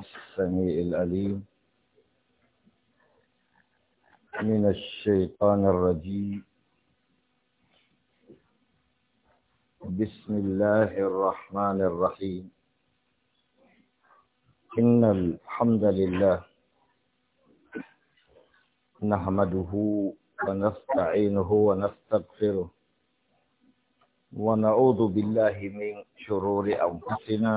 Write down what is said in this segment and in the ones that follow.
السميع الأليم من الشيطان الرجيم بسم الله الرحمن الرحيم إن الحمد لله نحمده ونستعينه ونستغفره ونعوذ بالله من شرور أنفسنا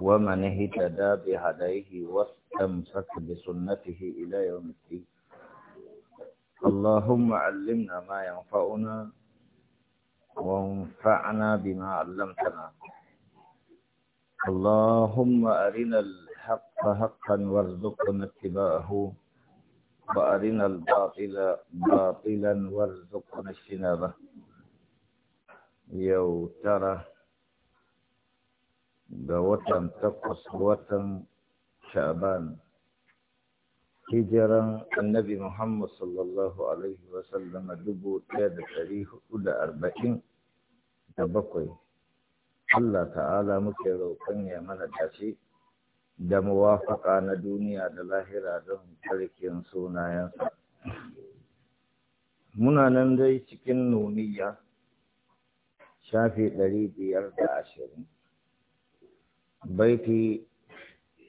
ومن اهتدى بهديه واستمسك بسنته إلى يوم الدين اللهم علمنا ما ينفعنا وانفعنا بما علمتنا اللهم أرنا الحق حقا وارزقنا اتباعه وأرنا الباطل باطلا وارزقنا اجتنابه يو ترى da watan takwas watan sha'ban hijiran annabi Muhammad sallallahu Alaihi wa sallam dubu ɗaya da ɗari hudu da arba'in da bakwai. Allah ta'ala muke roƙon ya mana tashi da muwafaƙa na duniya da lahira don tsarkin sunayensa. Muna nan dai cikin nuniya, shafi ɗari biyar da ashirin. بيتي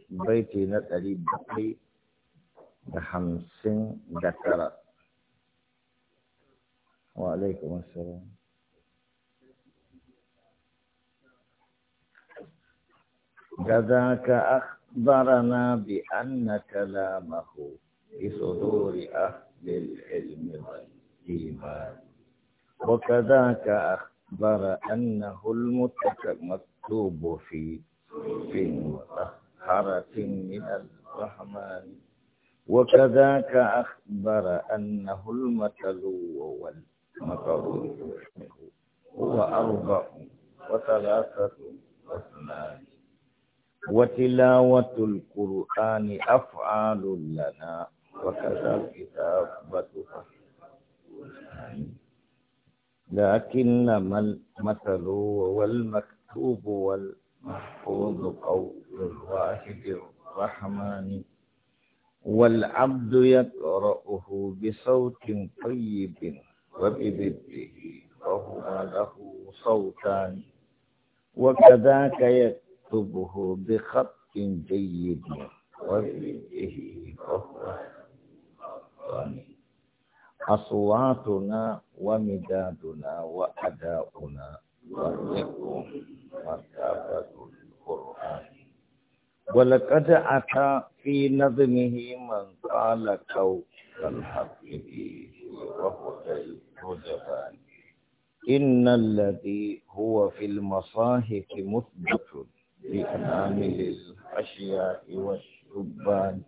بيتي نتري بقي بخمسين دكرة وعليكم السلام جذاك أخبرنا بأن كلامه في صدور أهل العلم والإيمان وكذاك أخبر أنه المتكلم مكتوب فيه مطهرة من الرحمن وكذاك أخبر أنه المثل والمطر هو أربع وثلاثة واثنان وتلاوة القرآن أفعال لنا وكذا كتابتها لكنما المثل والمكتوب وال محفوظ قول الواحد الرحمن والعبد يقرأه بصوت طيب وبذبه وهما له صوتان وكذاك يكتبه بخط جيد وبذبه وهو أصواتنا ومدادنا وأداؤنا وَلَكُمْ مثابة القرآن ولقد أتى في نظمه من قال كوك الحق فيه وهو الجزفان إن الذي هو في المصاحف مثبت بأنامل الأشياء والشبان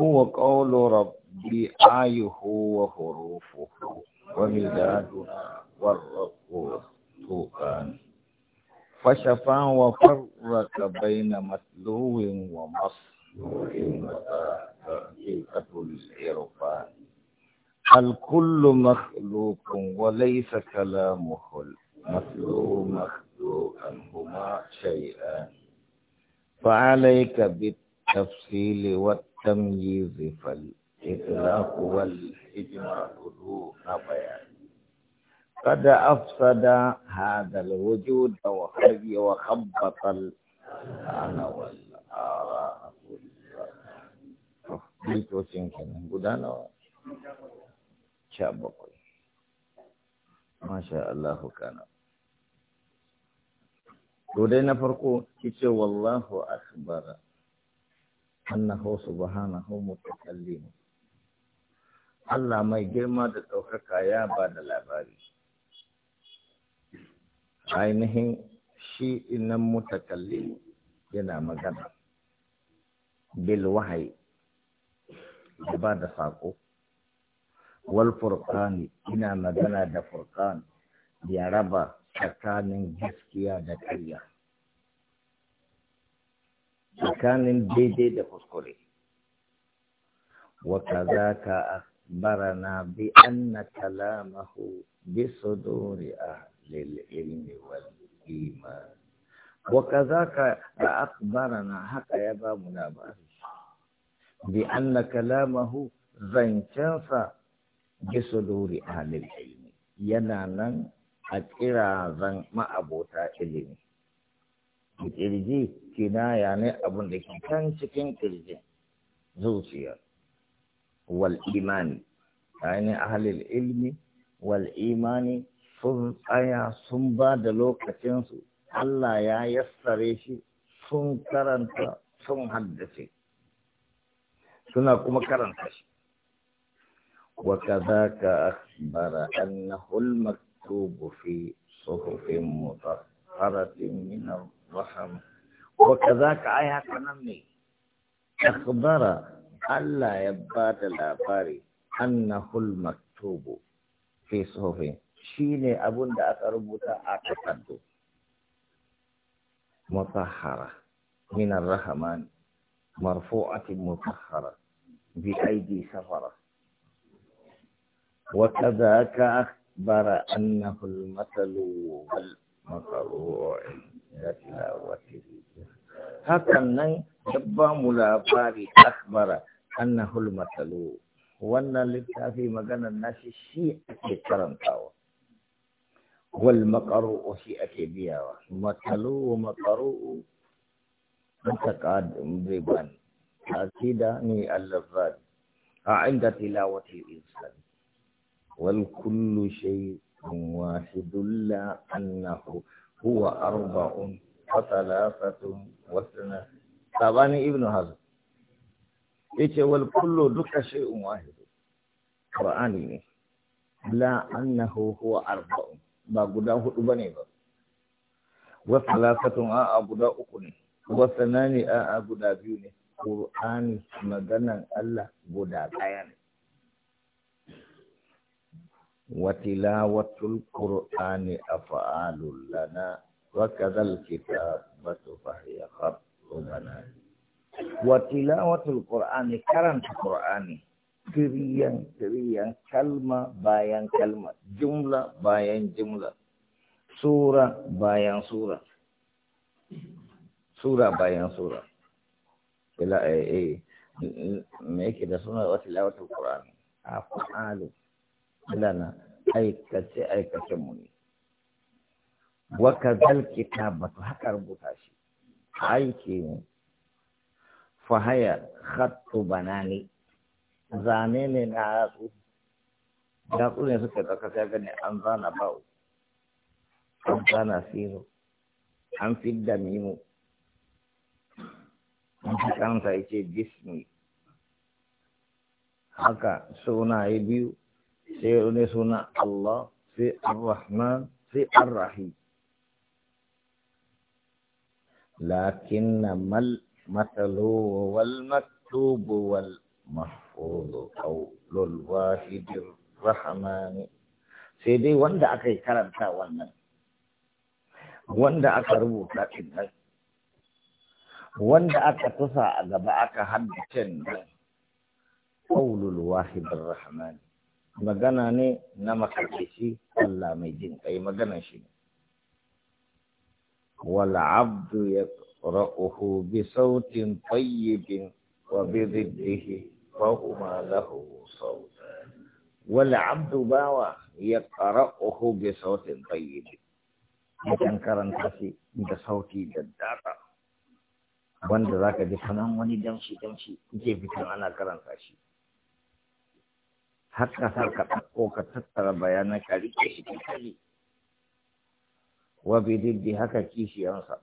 هو قول ربي آيه وحروفه ومدادنا والرقوص طوفان فشفا وفرق بين مسلو ومصلو حقيقة العرفان الكل مخلوق وليس كلامه المسلو مخلوقا هما شيئان فعليك بالتفصيل والتمييز فالإطلاق والإجماع دون بيان قد أفسد هذا الوجود وخرج وخبط أنا والآراء شابقي ما شاء الله كان Godai na farko, ki ce, Wallahu akbar annahu subhanahu mutakallimu Allah mai girma da ɗaukaka ya ba da labari ainihin shi inan mutakallim yana magana bil wahayi da ba da saƙo wal furqani ina magana da furqan ya raba tsakanin gaskiya da ƙarya tsakanin daidai da kuskure wa ka akhbarana bi anna kalamahu bi suduri ahli للعلم والإيمان وكذاك أخبرنا حق يبا منابر بأن كلامه زنشانسا بصدور أهل العلم ينانا أكرا زن ما أبوتا علمي kirji kinaya ne abin da ke kan cikin kirjin zuciya wal imani ainihin ahalil ilmi wal imani sun tsaya sun ba da lokacinsu Allah ya yassare shi sun karanta sun haddace suna kuma karanta shi wa kadhaka akhbara annahu al-maktubu fi suhufin mutahharatin min ar-rahma wa kadhaka ay haka ne akhbara Allah ya ba da labari annahu al-maktubu fi suhufin shi ne abun da aka rubuta a takardu mutahara minar rahamani marfu'atin mutahara bi aidi safara وكذاك أخبر أنه المثل والمقروع إلى تلاوته هكذا يبقى ملاباري أخبر أنه المثل وأن للتافي مجانا الناس الشيء في كرم تاوه وشيء كبير أكيديا مثلو ومقروء متقاد مضيبا حسيداني اللفات عند تلاوة الإنسان والكل شيء واحد لا أنه هو أربع وثلاثة واثنى طبعا ابن هذا إيش والكل دك شيء واحد قرآني لا أنه هو أربع ba guda hudu ne ba Wasu salasatun a a guda uku ne Wasu sanani a a guda biyu ne Kur'ani maganan Allah guda ɗaya ne watul tilawatul a fa'alun lana wa kadhal kitabatu fahiya bana. Watila watul Kur'ani karanta Kur'ani. kiriyan kiriyan kalma bayan kalma jumla bayan jumla sura bayan sura sura bayan sura ila eh, eh me yake da suna wata lawatul qur'ani a qur'ani lana aikace aikace muni ne wa kadal kitabatu haka rubuta shi aiki ne. fa haya khattu banani zane ne na yatsu yatsu ne suka ɗauka sai gani an zana ba'u an zana siro an da mimu an fi kanta ya ce bismi haka ya biyu sai wani suna Allah sai arrahman sai arrahi lakin na mal matalo wal maktubu wal mahu المحفوظ قول الواحد الرحمن sai dai wanda aka yi karanta wannan wanda aka rubuta ɗin nan wanda aka tusa a gaba aka haddace nan ƙaulul wahidir rahman magana ne na shi. Allah mai jin ƙai magana shi ne wal abdu ya ra'uhu bi sautin tayyibin wa bi ziddihi فهما له صوتان والعبد باوى يقرأه بصوت طيب idan karanta shi da sauti da dada wanda za ka ji kaman wani damshi damshi ke fitan ana karanta shi har ka sa ka ɗauko ka tattara bayanan ka rike shi ka kali wa bi haka kishiyansa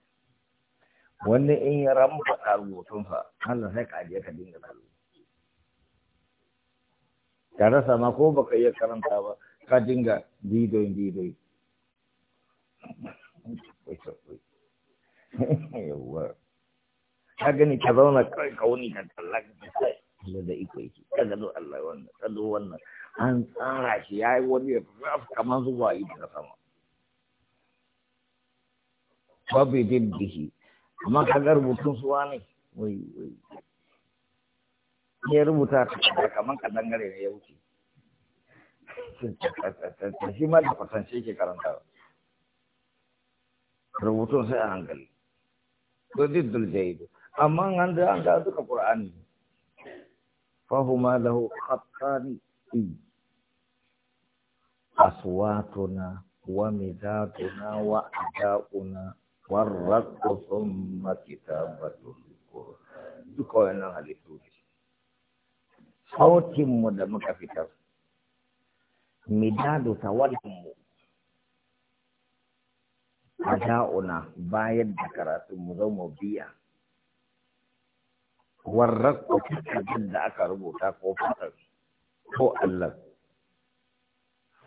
wani in ya rambaɗa rubutunsa Allah sai ka ajiye ka dinga kallo ka rasa ma ko baka iya karanta ba ka dinga didoyin didoyi yawwa ka gani ka zauna kawai ka wuni ka kalla ka kai da iko yake ka gado Allah wannan ka do wannan an tsara shi ya yi wani raf kamar zuwa da sama babu bihi amma kaga rubutun suwa ne wai wai ya rubuta ta kaman ka dangare ne ya wuce shi ma da kwatance ke karanta rubutun sai a hankali to diddul jaidu amma an da an ga duka qur'ani fa huma lahu khattani aswatuna wa mizatuna wa ada'una warraku thumma kitabatul qur'an Itu kau halittu ne sautin Sautim da muka fitar midadu tawadin mu ada'una bayad da muda mu zo mu biya warraku kitabin da aka rubuta ko ko Allah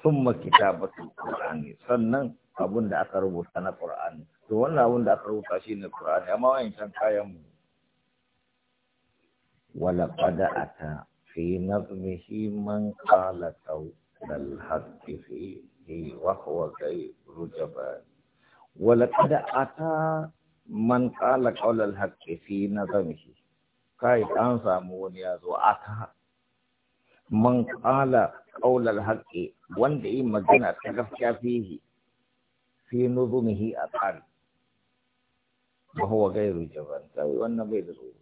summa kitabatul Qur'an. sannan abun da aka rubuta na to wannan abin da aka rubuta shi ne Qur'ani amma wayancan kayan mu wala qad ata fi nazmihi man qala taw dal haqqi hi wa huwa kay rujaba wala qad ata man qala qawla al haqqi fi nazmihi kai an samu wani ya zo ata man qala qawla al haqqi wanda yi magana ta gaskiya fihi fi nuzumihi a tsari ba huwa gairu jaban kai wannan bai da tsoro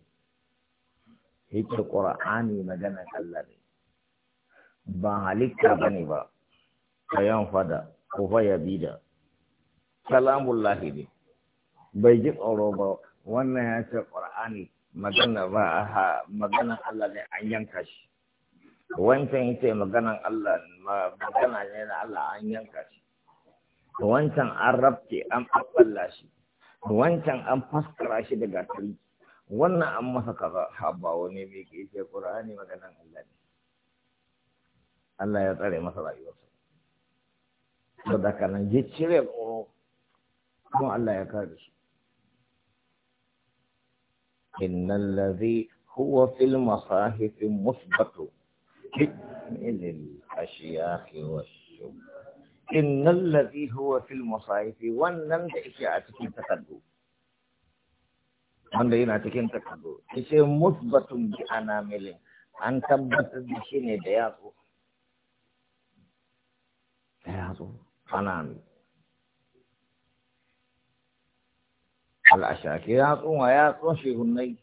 hikar qur'ani magana Allah ne ba halitta bane ba kayan fada ko faya bida salamullahi ne bai ji tsoro ba wannan ya ce qur'ani magana ba maganan Allah ne an yanka shi wancan yace maganan Allah magana ne na Allah an yanka shi wancan an rabce an abballa shi wancan an faskara shi da gatari wannan an masa kaza haba wani mai ke ce qur'ani maganan Allah ne Allah ya tsare masa rayuwarsa da kana je cire tsoro kuma Allah ya kare shi innal ladhi huwa fil masahif musbatu lil ashyakh wash innal ladhi huwa fil musahifi wannan da yake a cikin takaddu wanda yana cikin takaddu yace musbatun bi anamilin an tabbatar da shi ne da yatsu da yatsu anamil al'ashaki yatsun wa yatsun shehunai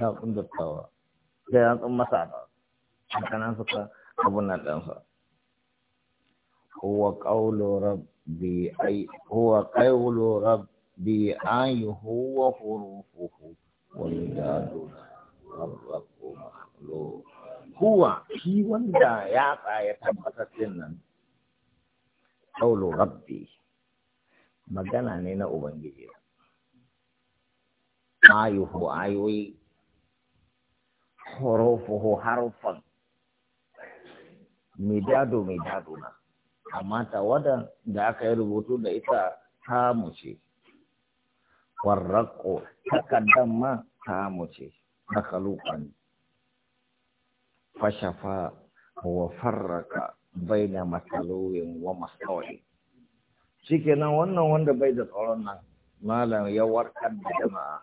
yatsun dattawa da yatsun masara hakanan suka abun nan ɗansa هو قول ربي أي هو قول ربي أي هو حروفه ومدادنا الرب مخلوق هو في وندا يا يا آية تبتسم قول ربي magana ne na Ubangiji. هو ayoyi, حروفه حرفا مدادو midaduna. amma tawadan da aka yi rubutu da ita ta ce warraƙo takaddan ma tamu ce makaluka fashafa wa farraka bai da matsalolin wa masawai shikenan wannan wanda bai da tsoron nan malam ya warkar da jama'a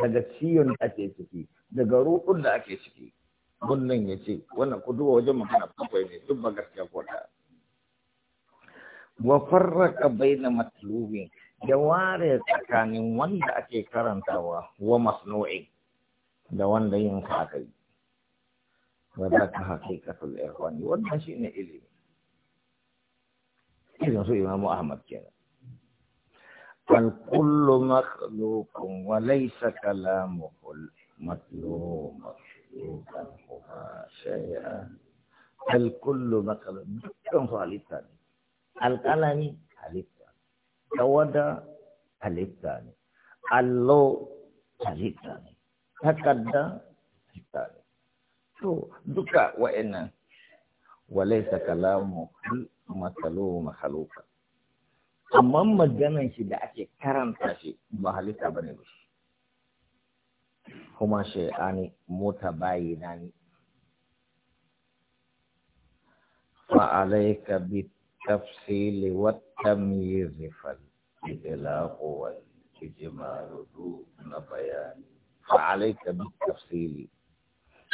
daga ciyon da ake ciki daga ruɗun da ake ciki wannan ya ce wannan ku duba wajen magana bakwai ne duk ba gaskiya ko ta. wa farraka baina matlubin ya ware tsakanin wanda ake karantawa wa masnu'i da wanda yin sa aka yi wa za ka haƙiƙatul ikhwani wannan shi ne ilimi irin su imamu ahmad kenan فالكل مخلوق وليس كلامه المطلوب مخلوقا شيئا الكل مخلوق دكتور خالد alƙalami halitta tawada halitta ne allo halitta ne takarda halitta ne to duka wa'annan walaisa kalamu matsalo mahaluka amma maganan shi da ake karanta shi ba halitta ba ne ba shi kuma shai'ani mota bayi na ni fa'alaika bi التفصيل والتمييز فالإطلاق والإجمال دون بيان فعليك بالتفصيل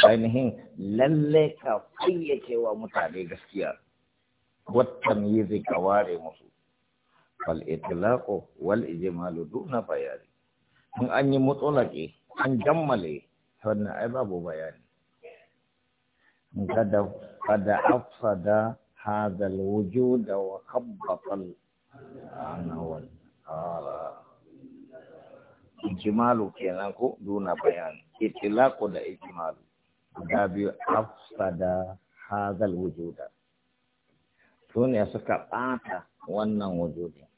ainihin lalle ka fayyacewa mutane gaskiya wattan yi zai ka ware musu wal itilaƙo wal ijimalu duna bayani in an yi mutsulaƙe an jammale wannan ai babu bayani kada kada afsada هذا الوجود وخبط العناوين ijimalu kenan ko duna bayan itlaqu da ijimalu da biyu da hadal wujuda to ne suka bata wannan wujudin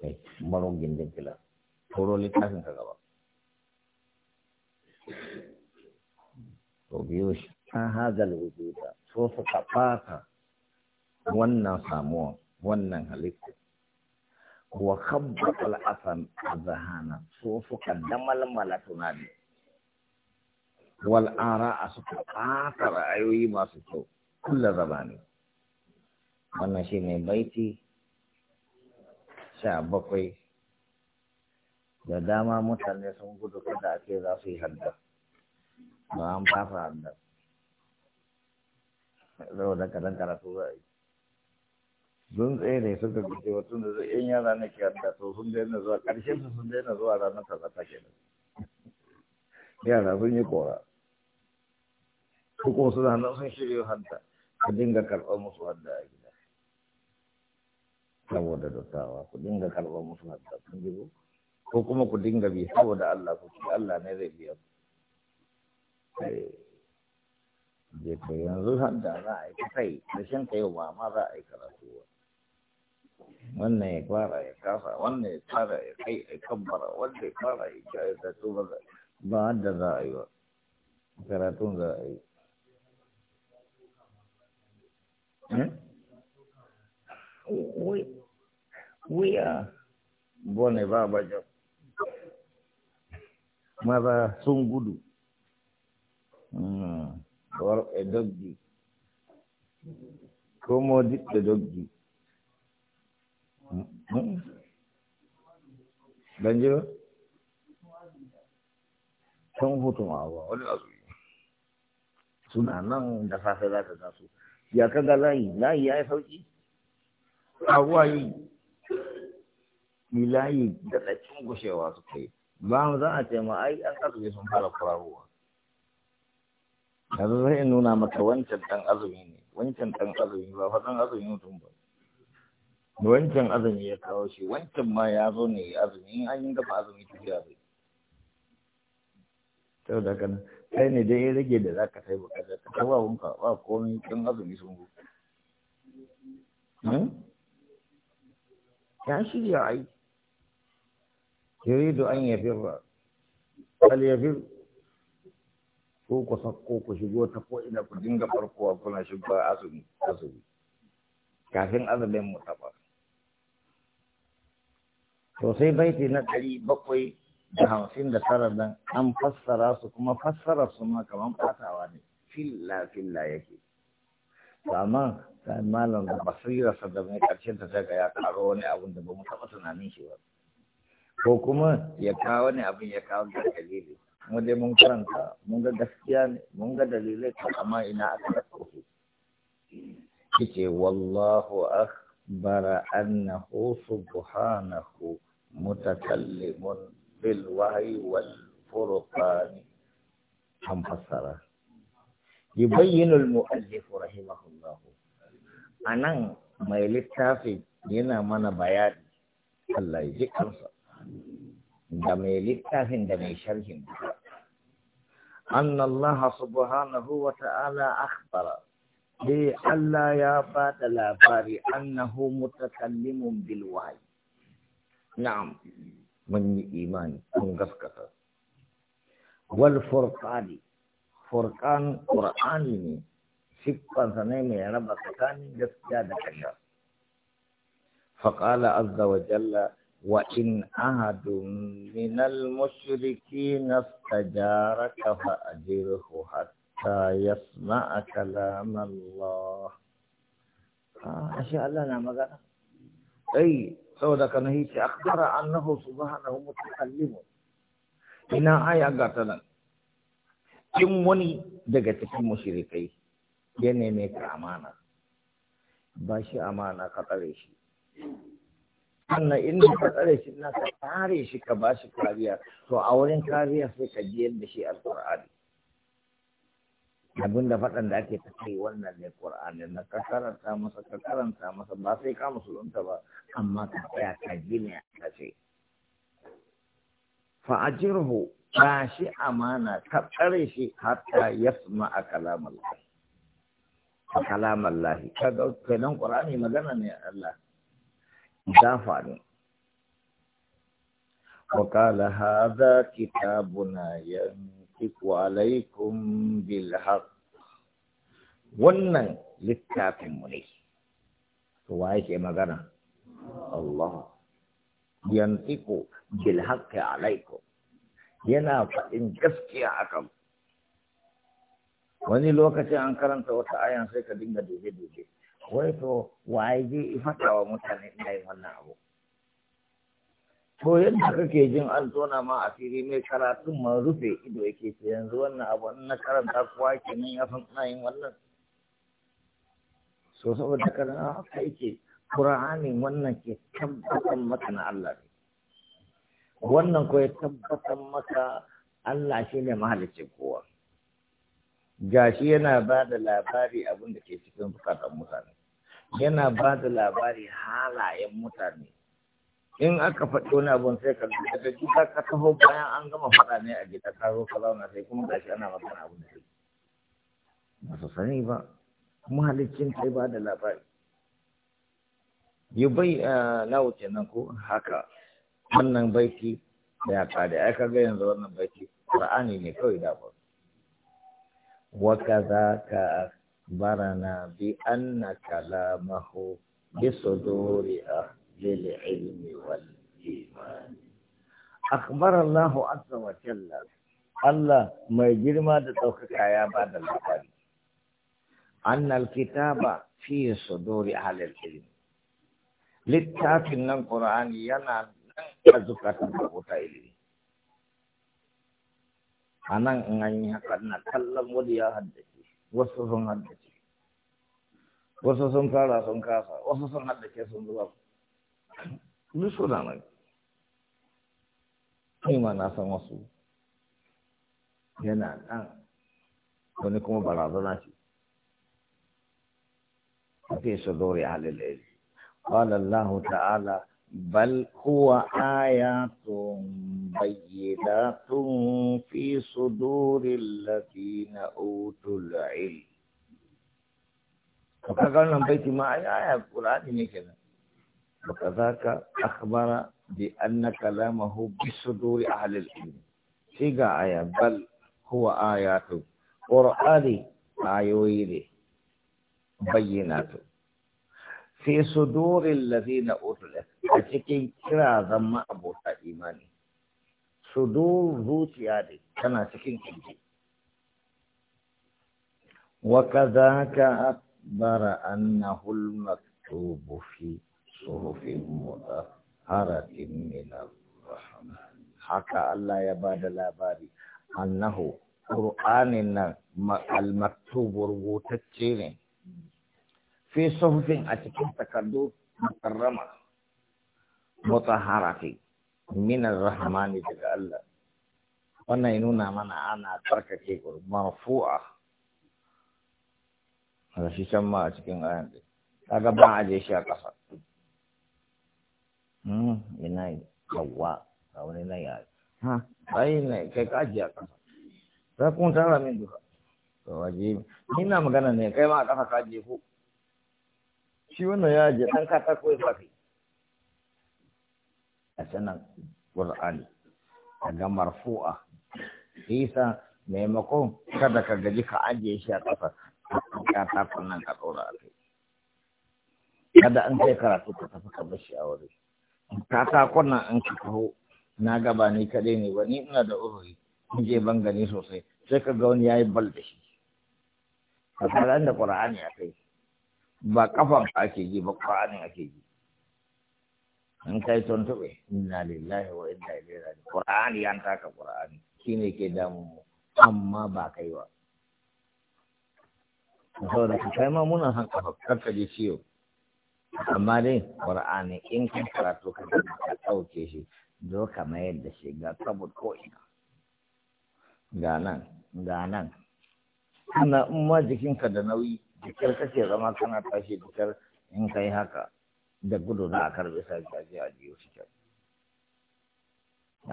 kai baro gindin kila toro wujuda so suka bata wannan samuwa wannan halitta wa khabba al'asan azhana so suka damalmala tunani wal a suka ƙasa ra'ayoyi masu kyau kullu zamani wannan shine baiti sha bakwai da dama mutane sun gudu kada ake za su yi hadda ba an fasa hadda zai karatu a don tsaye ne suka guje wa tun da zai yan yara na ke da to sun daina zuwa ƙarshen su sun daina zuwa ranar kaza ta kenan yara sun yi kora hukun suna nan sun shirya hanta ku dinga karɓar musu hadda a gida saboda dattawa ku dinga karɓar musu hadda sun ji ko kuma ku dinga bi saboda Allah ku ci Allah ne zai biya ku eh. je yanzu hadda za a yi kai da shan kai ba ma za a yi karatu ba wannan ya fara ya kafa wannan ya fara ya kai ya kambara, wannan ya fara ya kai ya zato ba ba da za a yi ba karatun za a yi hmm? wuya bone ba ja. maza sun gudu kawar hmm. a eh, doggi ko modi da doggi ban ji sun hutu ma ba wani azumi suna nan da safe za ta taso ya kaga layi layi ya yi sauki abuwa yi layi da ɗaccin gushewa su kai ba mu za a ce ma ai an azumi sun fara kurarowa yanzu zai nuna maka wancan ɗan azumi ne wancan ɗan azumi ba fa ɗan azumi mutum ba wancan azumi ya kawo shi wancan ma ya zo ne ya azumi in an yi gaba azumi ta jira zai Tau da kan kai ne dai ya rage da za ka sai ba ka ta wawon ka ba komai kan azumi sun go hmm? ya shirya ai yuridu an yafi ba al yafi ko ku sakko ku shigo ta ko ina ku dinga farkowa kuna shigo azumi azumi kafin azumin mu tabbata to sai baiti na ɗari bakwai da hamsin da tara nan an fassara su kuma fassara su ma kamar fatawa ne filla filla yake amma kan malam da basira sa da mai karshen ta daga ya karo wani abun da ba mu taɓa tunanin shi ba ko kuma ya kawo wani abin ya kawo da dalili mu dai mun karanta mun ga gaskiya ne mun ga dalilai amma ina aka ɗauko shi ce wallahu akh أخبر أنه سبحانه متكلم بالوحي والفرقان هم فسره يبين المؤلف رحمه الله أنا ما يلتافي دينا mana bayani الله يذكر عندما يلتافي عندما mai أن الله سبحانه وتعالى أخبر دي الله يا فاتلا باري أنه متكلم بالوحي نعم من إيمان من قفكتا والفرقان فرقان قرآن ini سيبقان سنيمي رب قطان جسجاد فقال عز وجل وإن أحد من المشركين استجارك فأجره حتى hatta yasma'a kalam Allah ashe Allah na magana ai saboda kana hice akbara annahu subhanahu mutakallimu ina aya ga tanan in wani daga cikin mushrikai ya neme ka amana ba shi amana ka tsare shi sannan inda ka tsare shi na ka tsare shi ka ba shi kariya to a wurin kariya sai ka ji yadda shi Al-Qur'ani. abin da faɗan da ake kai wannan ne ƙur'anin na ka karanta masa ka karanta masa ba sai ka musulunta ba amma ka tsaya ka gina ka ce fa'ajirhu ba shi amana ka tsare shi hatta yasma a a lahi ka ga kenan ƙur'ani magana ne Allah dafa ne وقال هذا كتابنا ينزل Wa alaikum بالحق wannan littafinmu ne to wa yake magana Allah yantiku bil haqqi alaikum yana faɗin gaskiya akan wani lokacin an karanta wata ayan sai ka dinga dube dube wai to wai je ifata wa mutane ina wannan abu to yadda kake jin an tona ma fili mai karatun ma rufe ido yake ce yanzu wannan abu na karanta kuwa kenan ya san ina yin wannan so saboda kana haka yake Qur'anin wannan ke tabbatar maka na Allah ne wannan ko ya tabbatar maka Allah shi ne mahalicin kowa gashi yana ba da labari abin da ke cikin bukatar mutane yana ba da labari halayen mutane in aka faɗi wani abun sai ka da duka ka taho bayan an gama faɗa ne a gida ka zo ka launa sai kuma gashi ana magana abun da ba su sani ba kuma halittun kai ba da labari yi bai na eh, wuce nan ko haka wannan baiti da ya kare ai kaga yanzu wannan baiti Ra'ani ne kawai da ba wa ka barana bi anna kalamahu bi suduri ah للعلم والإيمان أخبر الله عز وجل الله ما يجرم دوكك يا بعد البخاري أن الكتاب في صدور أهل العلم littafin nan ƙura'ani yana nan a zukatan rubuta ilimi a nan in an yi haka na kallon wani ya haddace wasu sun haddace wasu sun fara sun kasa wasu sun haddace sun zuwa Ini sudah lagi. Ini mana sama su. Ya nak. Ini kamu berada nasi. Oke, saudari ahli lezi. Kala Allah Ta'ala. Bal huwa ayatun bayyidatun fi suduri alladhina utul ilm. Maka kalau nampak cuma ayat-ayat Quran ini kena. وكذاك أخبر بأن كلامه بصدور أهل العلم سيغا آية بل هو آيات قرآن آيوين بينات في صدور الذين أوتوا أتكين كرا ذم أبو إيماني صدور ذوت يادي كما تكين كنتي وكذاك أخبر أنه المكتوب في صحف مطهرة من الرحمن حكى الله يا بعد الأباري أنه قرآن المكتوب رغوتتشين في صحف أتكين تكدو مكرمة مطهرة من الرحمن daga Allah wannan ya nuna mana ana tsarkake marfu'a da shi can ma a cikin ayan ɗin kaga ba a je shi a ƙasa ina kawwa a wani na yare ha ai na kai kaji a kasa za kun tara min duka to waje ni na magana ne kai ma a kasa kaji ko shi wannan ya je dan ka tako ya kai? a sanan qur'ani daga marfu'a isa maimakon kada ka gaji ka ajiye shi a kasa ka ta nan ka dora kai kada an kai karatu ka tafi ka bar shi a wuri Ka katakon nan an ka kaho na gaba ni kaɗai ne ba ni ina da uzuri in je ban gani sosai sai ka ga wani yayi bal da shi a da qur'ani a kai ba kafan ake ji ba qur'anin ake ji in kai tuntube inna lillahi wa inna ilaihi raji'un qur'ani an taka qur'ani shine ke damu mu amma ba kai ba saboda kai ma muna san kafa karka ciwo amma dai qur'ani in ka karatu ka ka dauke shi zo ka mayar da shi ga kabut ko ina ga nan ga nan ana in ma jikinka da nauyi jikar kake zama kana tashi jikar in kai haka da gudu na a karbe sa jaji a jiyo shi kyau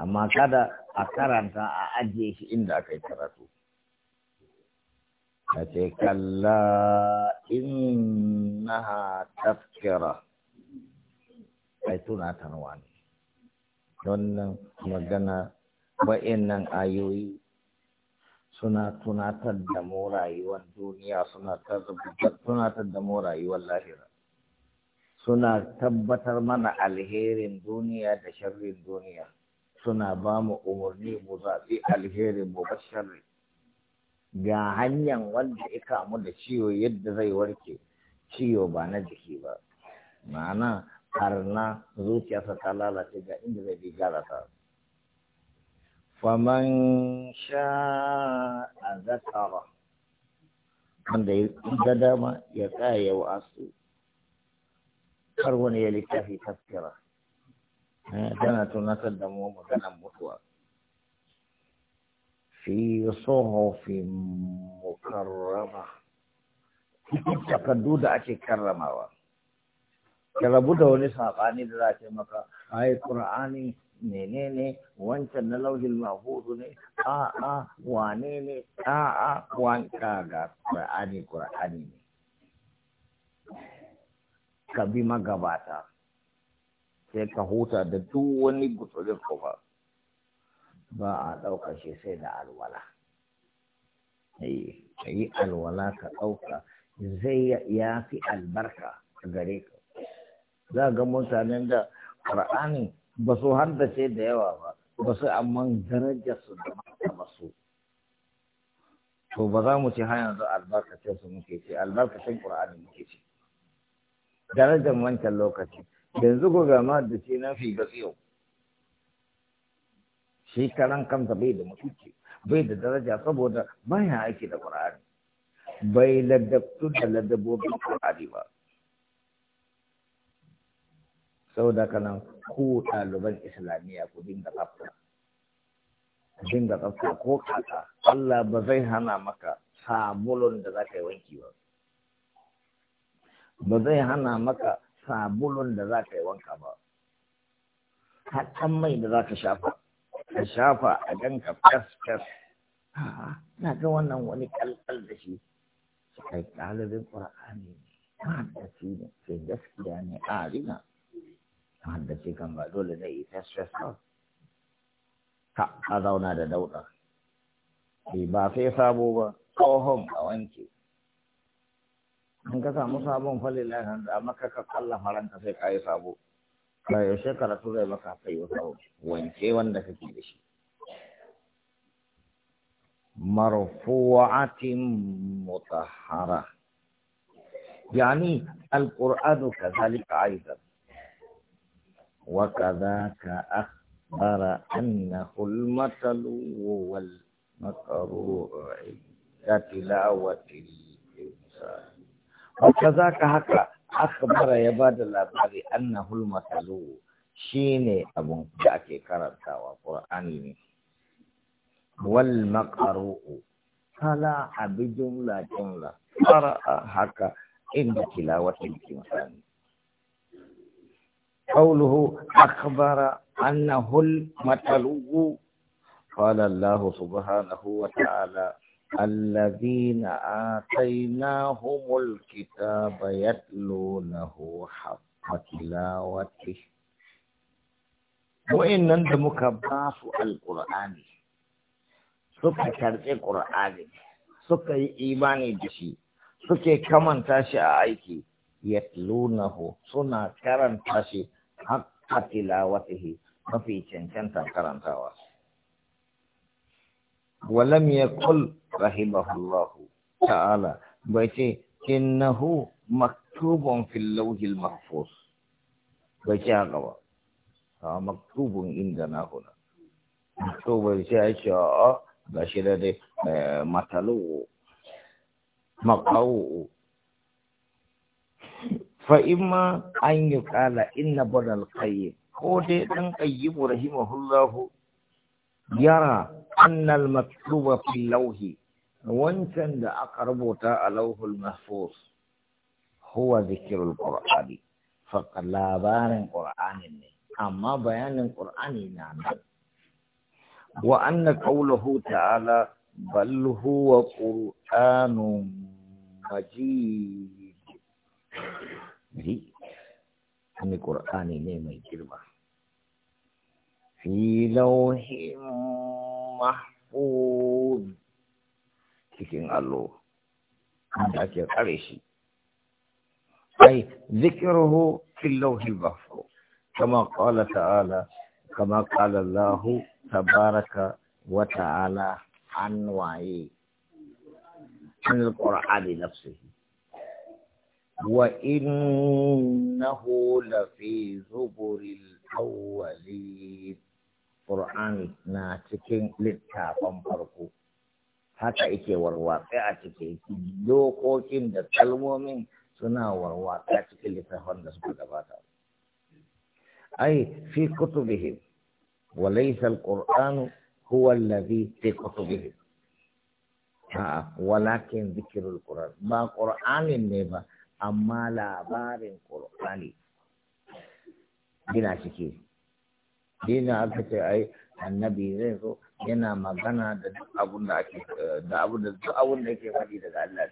amma kada a karanta a ajiye shi inda aka yi karatu ka ce kalla innaha tafkira ai tunatarwa ne wannan magana wa'annan ayoyi suna tunatar da mu rayuwar duniya suna tunatar da mu rayuwar lahira suna tabbatar mana alherin duniya da sharrin duniya suna ba mu umarni mu zaɓi alherin mu bar ga hanyar wanda ya kamu da ciwo yadda zai warke ciwo ba na jiki ba ma'ana na zuciyarsa ta lalace ga inda zai bi galata faman sha a zakara wanda ya ga dama ya tsaya ya wasu kar wani ya littafi tafkira eh, tana tunatar da mu maganar mutuwa fi suhufin mukarrama takardu da ake karramawa ka rabu da wani saɓani da za ce maka ai qur'ani menene wancan na lauhin mahfuzu ne a Wanene? A'a ne a ga qur'ani qur'ani ne ka bi magabata sai ka huta da duk wani gutsurin kofa ba a ɗauka shi sai da alwala eh, ka yi alwala ka ɗauka zai ya fi albarka a gare ka za ga mutanen da ƙar'ani ba su haddace da yawa ba ba su amma su da ba su to ba za mu ce har yanzu albarkacin su muke ce albarkacin ƙur'ani muke ce darajar wancan lokaci yanzu ko ga ma da ce na fi gasiyo yau shi karan kansa bai da mutunci bai da daraja saboda baya aiki da qur'ani bai ladabtu da ladabobin qur'ani ba saboda kana ku ɗaliban islamiyya ku dinga tsafta dinga tsafta ko kaka Allah ba zai hana maka sabulun da za ka yi wanki ba ba zai hana maka sabulun da za ka yi wanka ba haɗan mai da za ka shafa ka shafa a ganka fes fes na ga wannan wani kalkal da shi kai ɗalibin ƙura'ani ne mahaddaci ne sai gaskiya ne a rina mahaddaci kan ba dole ne yi fes fes ba ka a zauna da dauɗa ba sai sabo ba tsohon a wanke in ka samu sabon falila a maka ka kalla faranka sai ka yi sabo ba yaushe karatu zai maka kai wata wance wanda kake da shi marfu'atin mutahhara yani alqur'anu kadhalika aidan wa kadhaka akhbara annahu almatalu wal maqru'u ila tilawati al-insan wa kadhaka haka akbara ya ba da labari annahul shi shine abun da ake karantawa ƙura'ani ne wal maqru'u kala abi jumla jumla a haka inda tilawatul qur'an qawluhu akhbara annahul matalu qala allah subhanahu wa ta'ala الذين آتيناهم الكتاب يتلونه حق تلاوته وإن دمك باس القرآن suka karɓi ƙur'ani suka yi imani da suke kamanta shi a aiki yatlunahu suna karanta shi haqqa tilawatihi mafi cancanta karantawa ولم يقل رحمه الله تعالى بيتي إنه مكتوب في اللوح المحفوظ بيتي أغوى آه، مكتوب عندنا هنا مكتوب بيتي أشياء بشير آه، مثلو مقاو فإما أن يقال إن بن القيم هو دي أن قيم رحمه الله يرى أن المكتوب في اللوح وانتن دا أقرب تا اللوح المحفوظ هو ذكر القرآن فقد لا بان قرآن أما بيان القرآن نعم وأن قوله تعالى بل هو قرآن مجيد هي أن القرآن نعم الجرمه fi lauhin mahfuz cikin allo da ake tsare shi ai zikiruhu fi lauhin mahfuz kama qala ta'ala kama qala Allah tabaraka wa ta'ala an waye عن القرآن نفسه وإنه لفي زبر الأولين Qur'ani na cikin littafan farko haka yake warwatsa a cikin dokokin da kalmomin suna warwatsa cikin littafan da suka gabata ai fi kutubihim wa laysa al-qur'anu huwa alladhi fi kutubihim a'a walakin zikrul qur'an ba qur'anin ne ba amma labarin qur'ani gina ciki dina aka ce ai annabi zai zo yana magana da duk abun da ake da abun da duk da yake faɗi daga Allah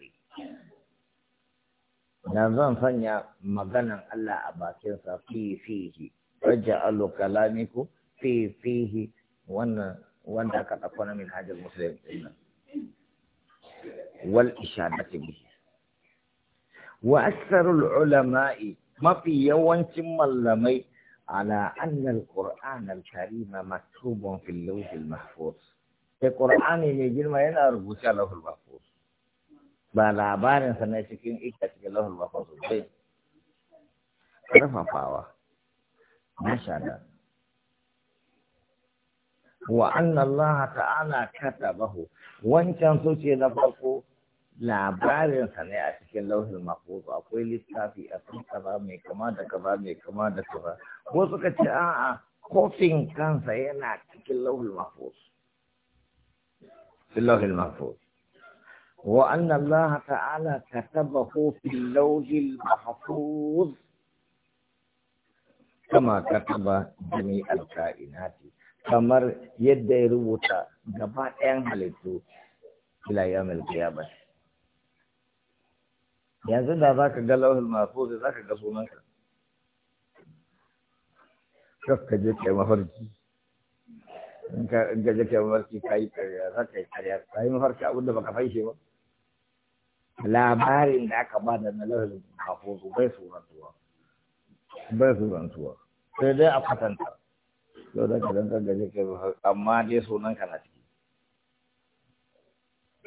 ne da zan sanya maganan Allah a bakin sa fi fihi alu kalamiku fi fihi wannan wanda aka ɗauko na min hajjar muslim wal ishadati bihi wa aksarul ulama'i mafi yawancin mallamai على أن القرآن الكريم مكتوب في اللوح المحفوظ القرآن يجي ما ينربوش له المحفوظ بل عبارة سنشكين إكتك له المحفوظ رفع فاوة ما شاء وأن الله تعالى كتبه وإن كان سوشي نفسه labarin sa ne a cikin lauhin mahfuz akwai littafi akwai kaza mai kama da kaza mai kama da kaza ko suka ce a a kofin kansa yana cikin lauhin mahfuz في اللوح المحفوظ وأن الله تعالى كتبه في اللوح المحفوظ كما كتب جميع الكائنات كما يدير وتا جبا ان هلتو الى يوم القيامه yanzu da za ka ga masu zai za ka ga sunanka kakka je kai mafarki in ka je kai mafarki ka yi karya za ka yi karya ka yi mafarki abin da baka fanshe ba labarin da aka ba da na lauhin bai surantuwa bai surantuwa sai dai a kwatanta yau da ka danka gaje kai mafarki amma dai sunanka na ciki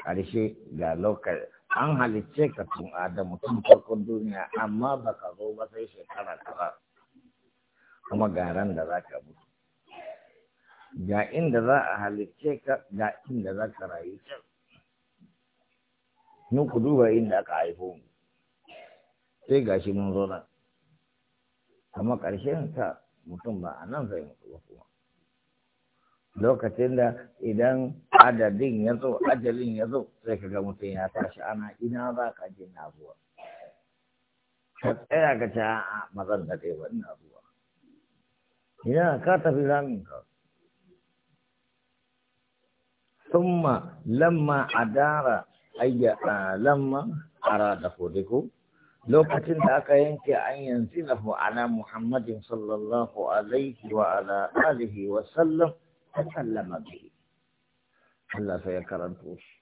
ƙarshe ga lokacin an halicce ka tun mutum tun farkon duniya amma ba ka zo ba sai shekara tara kuma garan da za ka mutu ga inda za a halicce ka ga inda za ka rayu can ku duba inda aka haifo mu sai gashi mun zo nan kuma ƙarshen ka mutum ba a nan sai mutu ba kuma lokacin da idan adadin ya zo ajalin ya zo sai ka ga mutum ya tashi ana ina za ka je na ka tsaya ka ce a mazan da kai ba ina ina ka tafi zamin ka summa lamma adara ayya lamma arada hudiku lokacin da aka yanke an yanzu na ala muhammadin sallallahu alaihi wa ala alihi fasallama bihi Allah sai ya karanto shi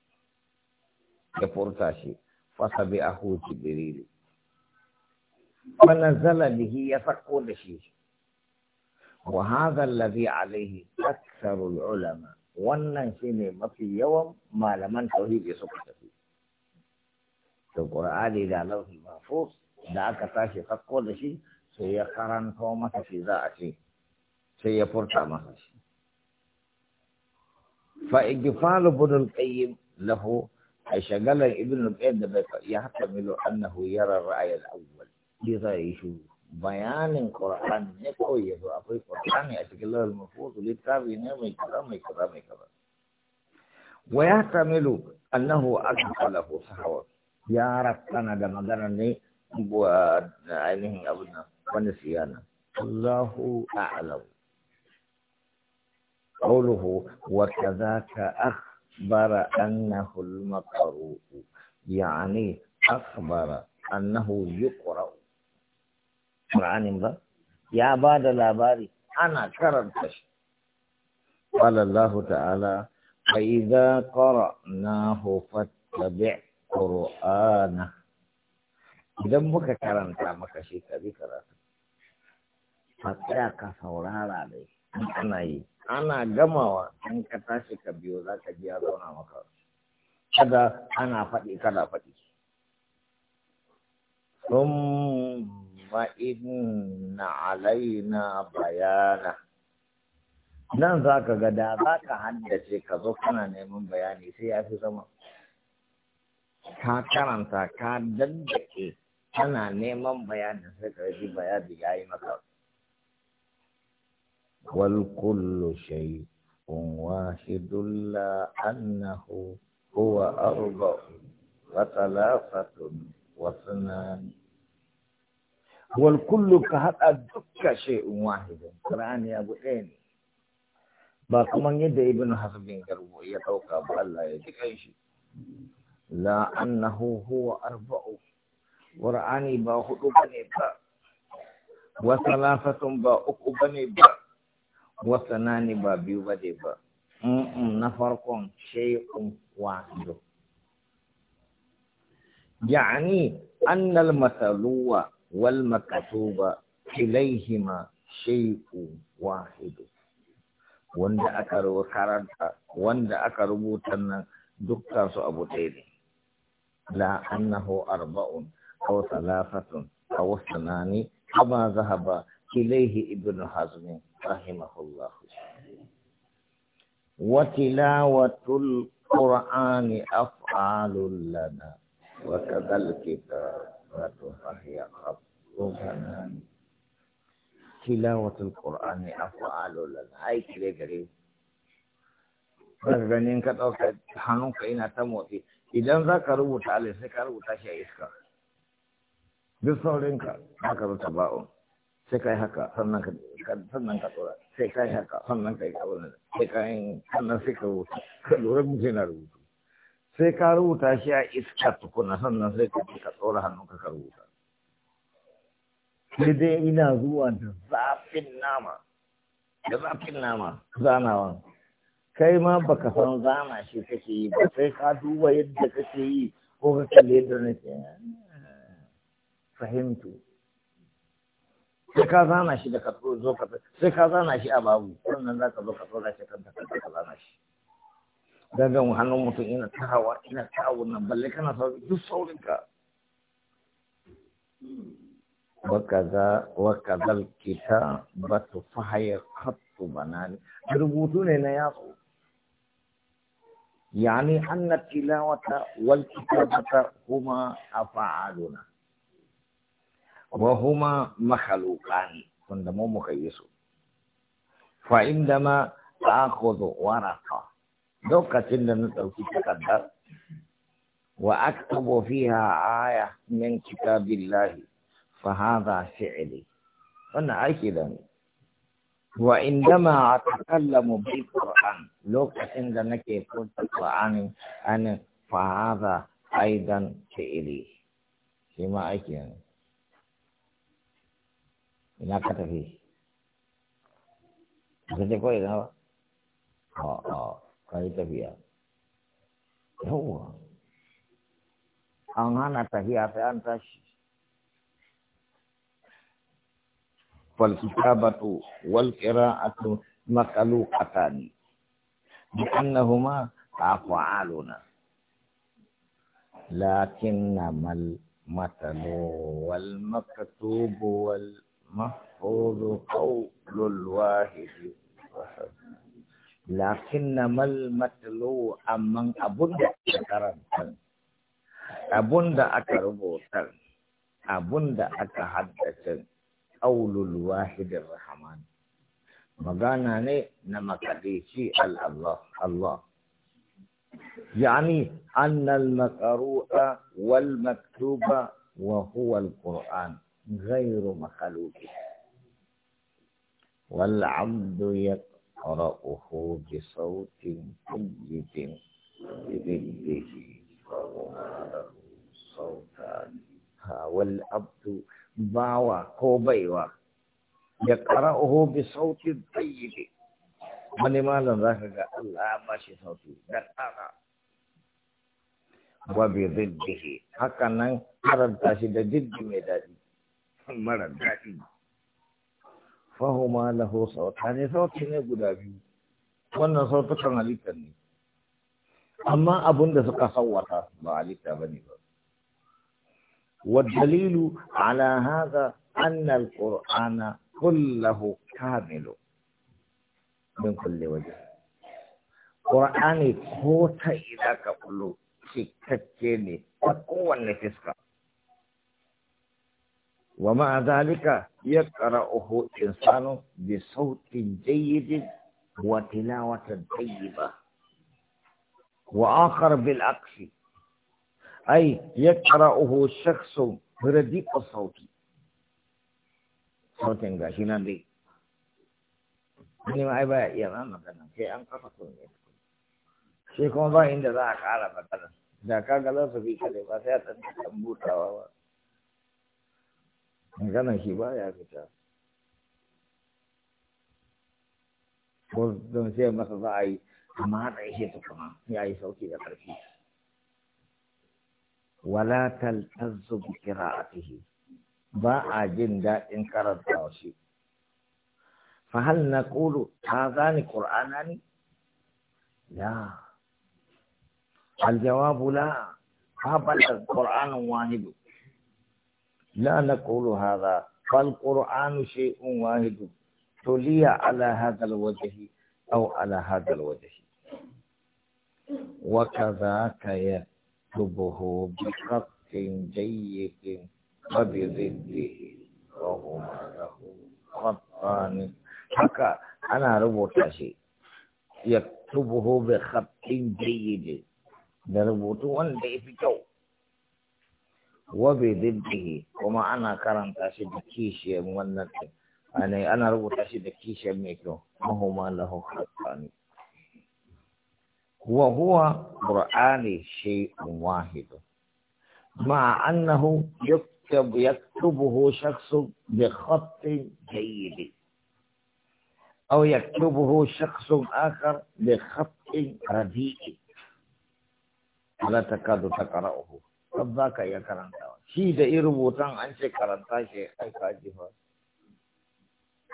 ya furta shi fasa bi a huci biriri wannan zala bihi ya sako da shi wa hadha alladhi alayhi aktharu ulama wannan shine mafi yawan malaman tauhidi suka tafi to qur'ani da lauhi mahfuz da aka tashi sako da shi sai ya karanto masa shi za a ce sai ya furta masa shi فإقفال ابن القيم له أي قال ابن القيم يحتمل أنه يرى الرأي الأول لذا يشوف بيان القرآن نكو يدو أقول القرآن يأتيك الله المفروض للتابع نعمي كذا مي كذا مي كذا ويحتمل أنه أدخله صحوة يا رب أنا ده مدرني وعينه أبنا يعني ونسيانا الله أعلم قوله وكذاك أخبر أنه المقروء يعني أخبر أنه يقرأ قرآن با يا بعد باري أنا كرمت قال الله تعالى فإذا قرأناه فاتبع قرآنه إذا مك كرمت مك شيء كذي فتاك فاتبع عليه أنا إيه ana gamawa in ka tashi ka biyo za ka ji zauna maka kada ana faɗi kana faɗi thumma inna alaina bayana nan za ka ga da za ka haddace ka zo kana neman bayani sai ya fi zama ka karanta ka daddake kana neman bayanin sai ka ji bayani ya yi maka والكل شيء واحد لا أنه هو أربع وثلاثة واثنان والكل كهد أدك شيء واحد قرآن يا أبو حين باقو من يد ابن حسب كربو يتوقع الله يدك أي شيء لا أنه هو أربع ورآني باقو بني با وثلاثة باقو بني با, با wasanani ba biyu ba dai ba na farkon shay'un wahid yani annal masaluwa wal makatuba ilaihima shay'un wahid wanda aka karanta wanda aka rubuta nan dukkan su abu ɗaya ne la annahu arba'un aw thalathatun aw sanani kama zahaba إليه ابن حزم رحمه الله وتلاوة القرآن أفعال لنا وكذا الكتاب فهي قبلنا تلاوة القرآن أفعال لنا أي كده كده ganin ka ɗauka hannunka ina ta motsi idan za ka rubuta alisai ka rubuta shi a iska duk saurinka za ka rubuta ba'un sai kai haka sannan ka sannan ka tsora sai kai haka sannan ka yi abin sai kai sannan sai ka rubuta ka lura mu sai na rubutu sai ka rubuta shi a iska tukuna sannan sai ka ka tsora hannun ka rubuta sai dai ina zuwa da zafin nama da zafin nama zanawa kai ma baka san zana shi kake yi ba sai ka duba yadda kake yi ko ka kalle yadda nake fahimtu sai ka zana shi da ka zo ka sai ka zana shi a babu wannan za ka zo ka tsora shi kanta kanta ka zana shi daga hannun mutum ina ta hawa ina ta hawa nan balle kana sauri duk saurin ka wakaza wakazal kita batu fahaya khattu banani rubutu ne na yatsu yani anna tilawata wal kitabata huma afa'aluna وهما مخلوقان فندمو مكيسو فعندما تأخذ ورقة دوكا تندن توكي تقدر وأكتب فيها آية من كتاب الله فهذا فعلي أنا أكيد وعندما أتكلم بالقرآن لو كنت نكي قلت القرآن أنا فهذا أيضا فعلي فيما أكيد ina ka tafi ka ce kawai na ba a a ka yi tafiya yawwa an hana tafiya sai an tashi فالكتابة والقراءة مخلوقتان لأنهما أفعالنا لكنما المثل والمكتوب وال محفوظ قول الواحد لكن ما المتلو أمن أبن أكرمتن أبن أكرمتن أبن أكحدثن قول الواحد الرحمن مغانا ني نما نمكديشي الله الله يعني أن المقروء والمكتوب وهو القرآن غير مخلوق والعبد يقرأه بصوت طيب بذله وهما له صوتان والعبد باوى كوبيوى يقرأه بصوت طيب ولماذا ذاك الله ماشي صوتي دقاقا وبضده هكذا نعرف تاشي جد مدادي mara daɗi fahoma na hosa wata ne guda biyu wannan sautu kan halittar ne amma abin da suka hawwata ba halitta ba ne ba wadalilu ala haza annal qur'ana kullahu kamilu min kulle waje ko ta ila ka kullu cikakke ne a kowane fiska ومع ذلك يقرأه الإنسان بصوت جيد وتلاوة طيبة وآخر بالعكس أي يقرأه شخص رديء الصوت صوت غاشنا دي ni ma ai ba iya ma magana sai an kafa kunne sai kuma ba inda za a kara magana da ka ga lafafi kare ba sai a tsanci tambutawa ba maganan shi ba ya fita ko don sai masa za a yi amma haɗa shi ta kuma ya yi sauki da ƙarfi wala taltazzu bi qira'atihi ba a jin daɗin karanta shi fa hal naqulu ni? qur'anani la الجواب لا هبل القرآن واحد لا نقول هذا فالقرآن شيء واحد تلي على هذا الوجه أو على هذا الوجه وكذاك يكتبه بخط جيد وبضده وهما له خطان هكا أنا ربوت شيء يكتبه بخط جيد نربوت ربط وان في جو وبضده وما أنا كرم تاشي بكيشي مونت يعني أنا ربو تاشي بكيشي ميكو ما له هو وهو قرآن شيء واحد مع أنه يكتب يكتبه شخص بخط جيد أو يكتبه شخص آخر بخط رديء لا تكاد تقرأه kan za ka iya wa? shi da yi rubutan an ce karanta shi ai ka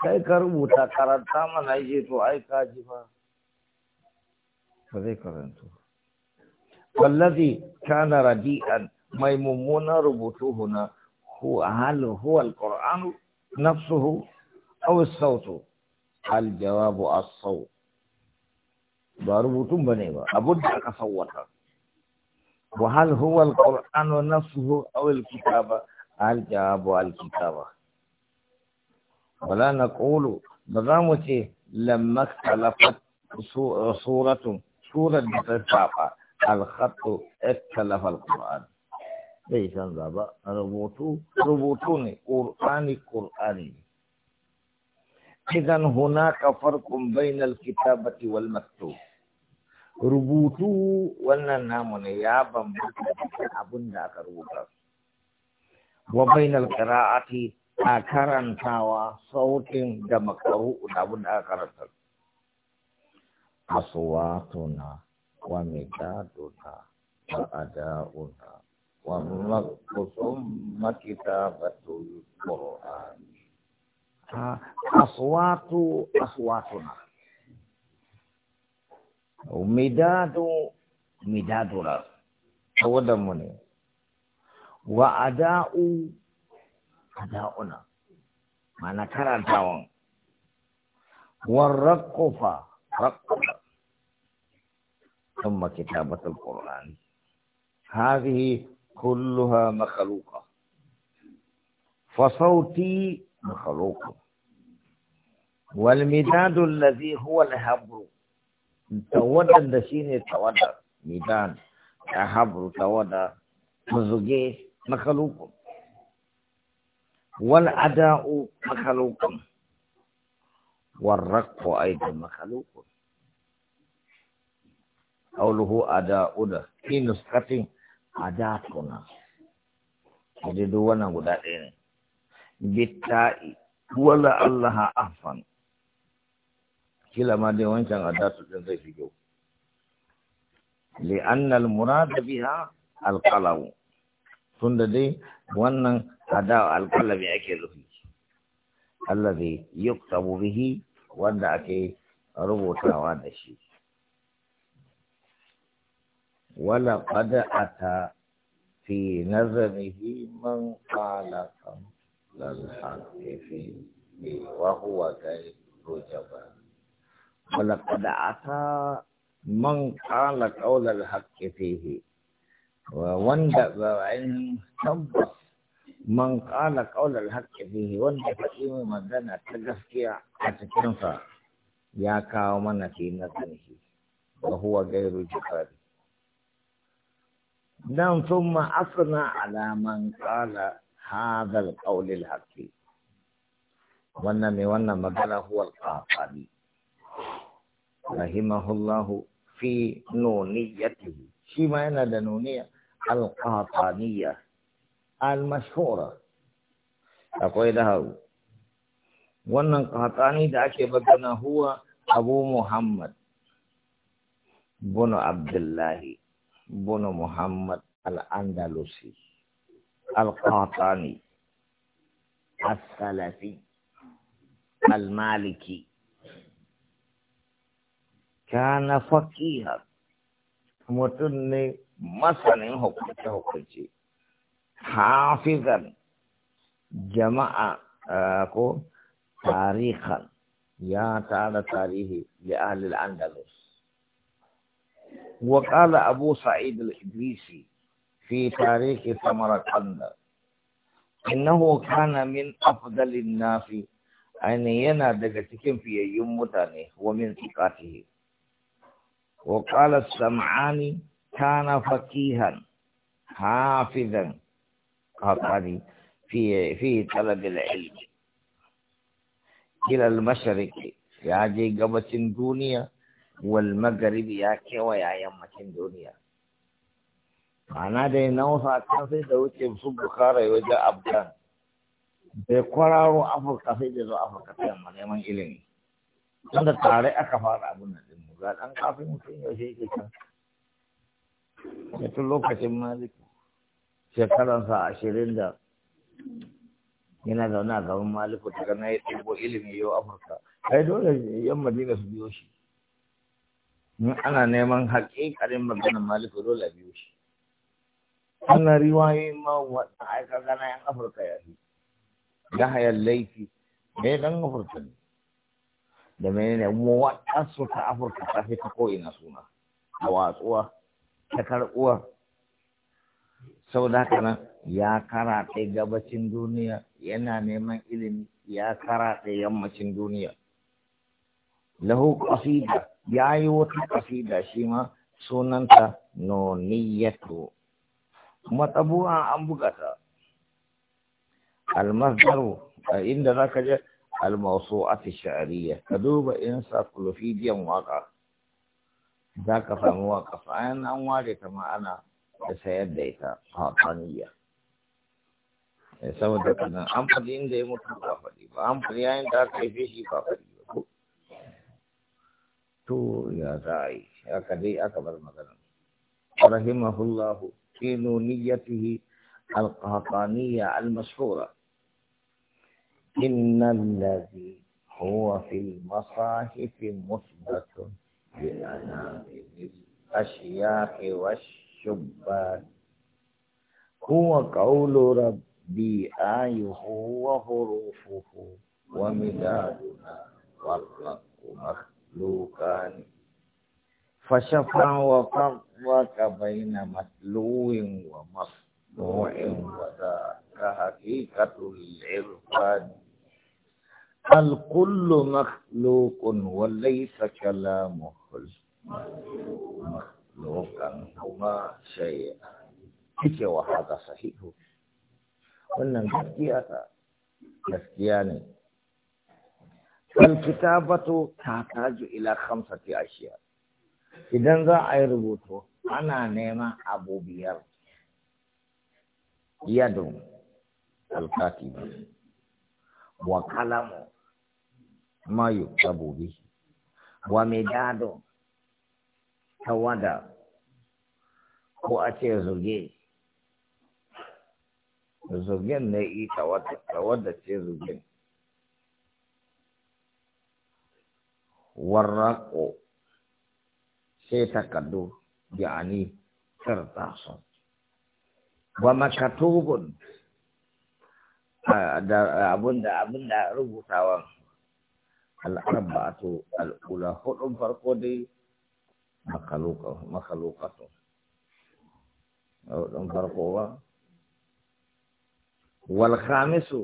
kai ka rubuta karanta mana yi to ai ka ji ba zai karanta wallazi kana radi'an mai mummunan rubutu huna huwa a halin huwal nafsuhu na suhu al-jawabu a sau ba rubutun bane ba abun da aka sauwata. وهل هو القرآن نفسه أو الكتابة الجواب الكتابة ولا نقول بضامتي لما اختلفت صورة صورة بتسابة الخط اختلف القرآن ليس بابا ربوتو ربوتوني قرآني قرآني إذا هناك فرق بين الكتابة والمكتوب rubutu wannan namu ne ya bambanta abin da aka rubuta wa bainal ƙira'ati a karantawa sautin da makaru da abin da aka karanta aswatuna wa midaduna wa adauna wa maqsum makitabatul qur'an aswatu na. او میداد او میداد ولا او دمونه و ادا او ادا اون معنا کار تاون ورقفا رقفا ثم كتابة القرآن هذه كلها مخلوقة فصوتي مخلوق والمداد الذي هو الهبر tawadar da shi ne tawadar midan ya habru tawada mazuge makalukun wal ada'u makalukun warrakku aidan makalukun قوله أداؤنا في نسخة أداتنا jadi dua guda ɗaya ini Bittai. wala Allah afan kila ma dai wancan adatu din zai fi kyau li'annal murada biha alqalam tunda dai wannan ada alqalami ake rufi allazi yuktabu bihi wanda ake rubutawa da shi wala qad ata fi nazarihi man qala lal haqqi wa huwa kai jabbar ولقد عصى من قال قول الحق فيه وندب من قال قول الحق فيه وندب فيه مدنا تجفكي أتكنفا يا كاومنا في نتنه وهو غير جفاري dan نعم، ثم asna على من قال هذا القول qawl al haqqi wanna mi wanna magala رحمه الله في نونيته في معنى نونيه القاطانية المشهورة أقولها وأن القاطاني ذاك بدنا هو أبو محمد بن عبد الله بن محمد الأندلسي القاطاني السلفي المالكي كان فقيها متن مثلا حكمت حكمتي حافظا جمع أكو آه، تاريخا يا تعالى تاريخ لأهل الأندلس وقال أبو سعيد الإدريسي في تاريخ ثمرقند إنه كان من أفضل الناس أن ينادى في يوم متانه ومن ثقاته وقال السمعاني كان فقيها حافظا في في طلب العلم الى المشرق يا جي غبتين دنيا والمغرب يا كي ويا يمتين دنيا انا ده نو ساعه في دوت في بخار يوجا عبد ده أفضل افريقيا في دوت افريقيا من يمن الين عند تاري اكفار ابو ga ɗan kafin mutum yaushe yake can da lokacin maliki shekaransa ashirin da yana zaune a gaban maliku daga na yi ɗigo ilimi yau afirka ai dole yan madina su biyo shi in ana neman haƙiƙarin maganin maliku dole a biyo shi ana riwaye ma wata aika gana yan afirka ya fi ya hayar laifi ne dan afirka ne da menene waɗansu ta afirka ta fi ta ko'ina suna a watsuwa ta karɓuwa sau da haka nan ya karaɗe gabacin duniya yana neman ilimi ya karaɗe yammacin duniya lahu ƙasida ya yi wata ƙasida shi ma sunanta kuma matsabuwa an buga ta a inda za ka je الموصوعه الشعريه فدوب انسى كلوفيديا مواقع ذاك فمواقع انا اموالي كما انا سيديتا حاطنيه سوى ذلك انا ام قدين دي متوقف دي ام قدين دا كيفي شي فاقدي تو يا رأي يا قدي اكبر مثلا رحمه الله في نونيته القهقانية المشهوره إن الذي هو في المصاحف مثبت بأنامل الأشياخ والشبان هو قول ربي آيه وحروفه ومدادنا والرق مخلوقان فشفع وفرق بين متلو ومصنوع وذاك حقيقة العرفان الكل مخلوق وليس كلامه مخلوقا هما شيئا كيف وهذا صحيح wannan gaskiya ta gaskiya ne alkitabatu ta taju ila khamsati ashiya idan za a yi rubutu ana neman abu biyar yadu alkatibi wa kalamu ma ta bobe wa mai ta tawada ko a ce zuge zugen ne yi wada ce zugen warraƙo sai takardu yani su wa makatogun abinda abunda rubutawan الأربعة الأولى هدن فرقودي مخلوقة مخلوقة هدن فرقو والخامس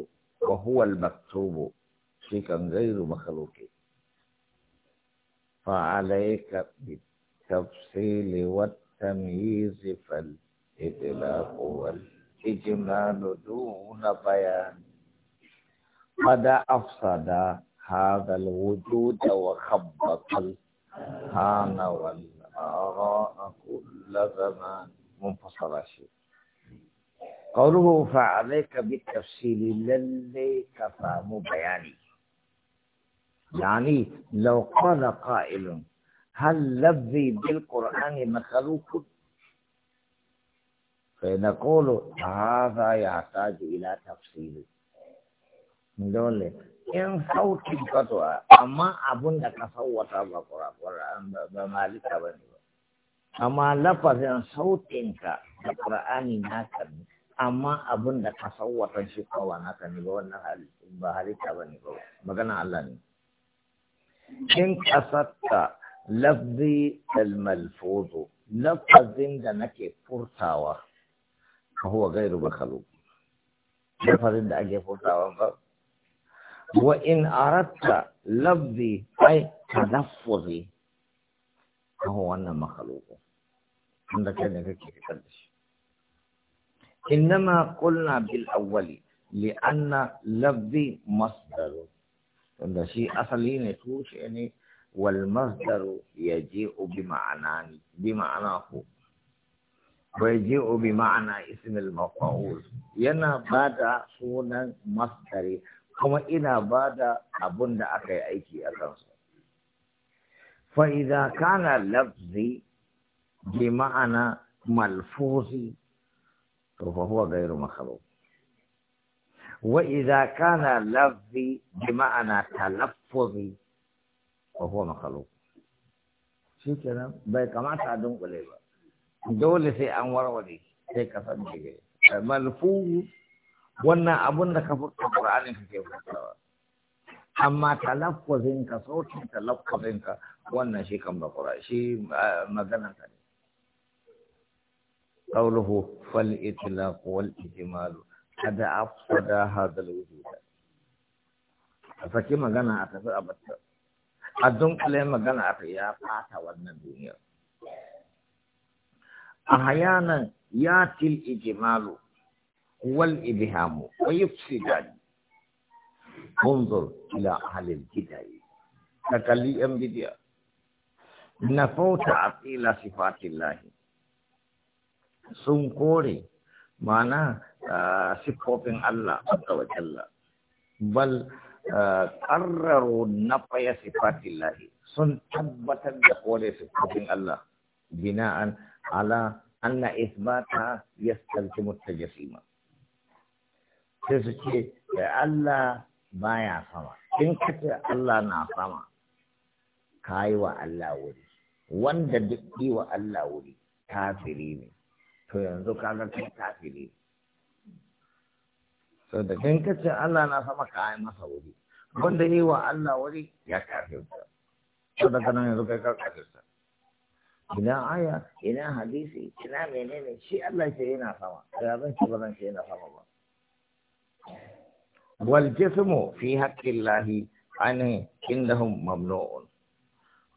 وهو المكتوب شيئا غير مخلوق فعليك بالتفصيل والتمييز فالإطلاق والإجمال دون بيان قد أفسد هذا الوجود وخبط الهان والآراء كل زمان منفصل شيء قوله فعليك بالتفصيل للي كفى بياني يعني لو قال قائل هل لذي بالقرآن مخلوق فنقول هذا يحتاج إلى تفصيل in sautin kasuwa amma abun da ka sauwata ba ƙura'an ba malika ba ne ba amma lafazin sautinka da ƙura'ani naka ne amma abun da ka sauwata shi kowa naka ne ba wannan ba halitta ba ne ba magana Allah ne in kasatta lafzi al-malfuzu lafazin da nake furtawa ka huwa gairu ba lafazin da ake furtawa ba وإن أردت لفظي أي تلفظي فهو أنا مخلوق عندك أنا إنما قلنا بالأول لأن لفظي مصدر عند شيء أصلي نتوش يعني والمصدر يجيء بمعنى بمعناه ويجيء بمعنى اسم المفعول ينا بعد سونا مصدري kuma ina ba da abun da aka yi aiki a kansu fa'iza kana lafzi bi ma'ana malfuzi to fa huwa gairu makhluq wa idza kana lafzi bi ma'ana talaffuzi fa huwa makhluq kenan bai kamata a dunkule ba dole sai an warware sai ka san malfuzi wannan abun da ka furta Qur'ani kake furtawa amma talaffuzin ka sautin talaffuzin ka wannan shi kan bakura shi eh, maganar ka ne qawluhu fal itlaq wal ijmal kada afsada hadha al wujud a saki magana a tafi a batta a dunkule magana a ya fata wannan duniyar a hayanan ya til ijmalu والإبهام ويفسدان انظر إلى أهل البدع تكلي أم بدع نفوا a صفات الله sun kore mana siffofin Allah ta wa jalla bal qarraru nafaya sifatillah sun tabbatar da kore sifofin Allah bina'an ala anna isbata yastalzimu tajasima sai su ce Allah baya sama in ka ce Allah na sama ka yi wa Allah wuri wanda duk yi wa Allah wuri kafiri ne to yanzu kaga kai kafiri ne to da kin kace Allah na sama ka yi masa wuri wanda yi wa Allah wuri ya kafirta to daga nan yanzu kai ka kafirta ina aya ina hadisi ina menene shi Allah ke yana sama ya zan ce ba zan ce yana sama ba والجسم في حق الله عنه عندهم ممنوع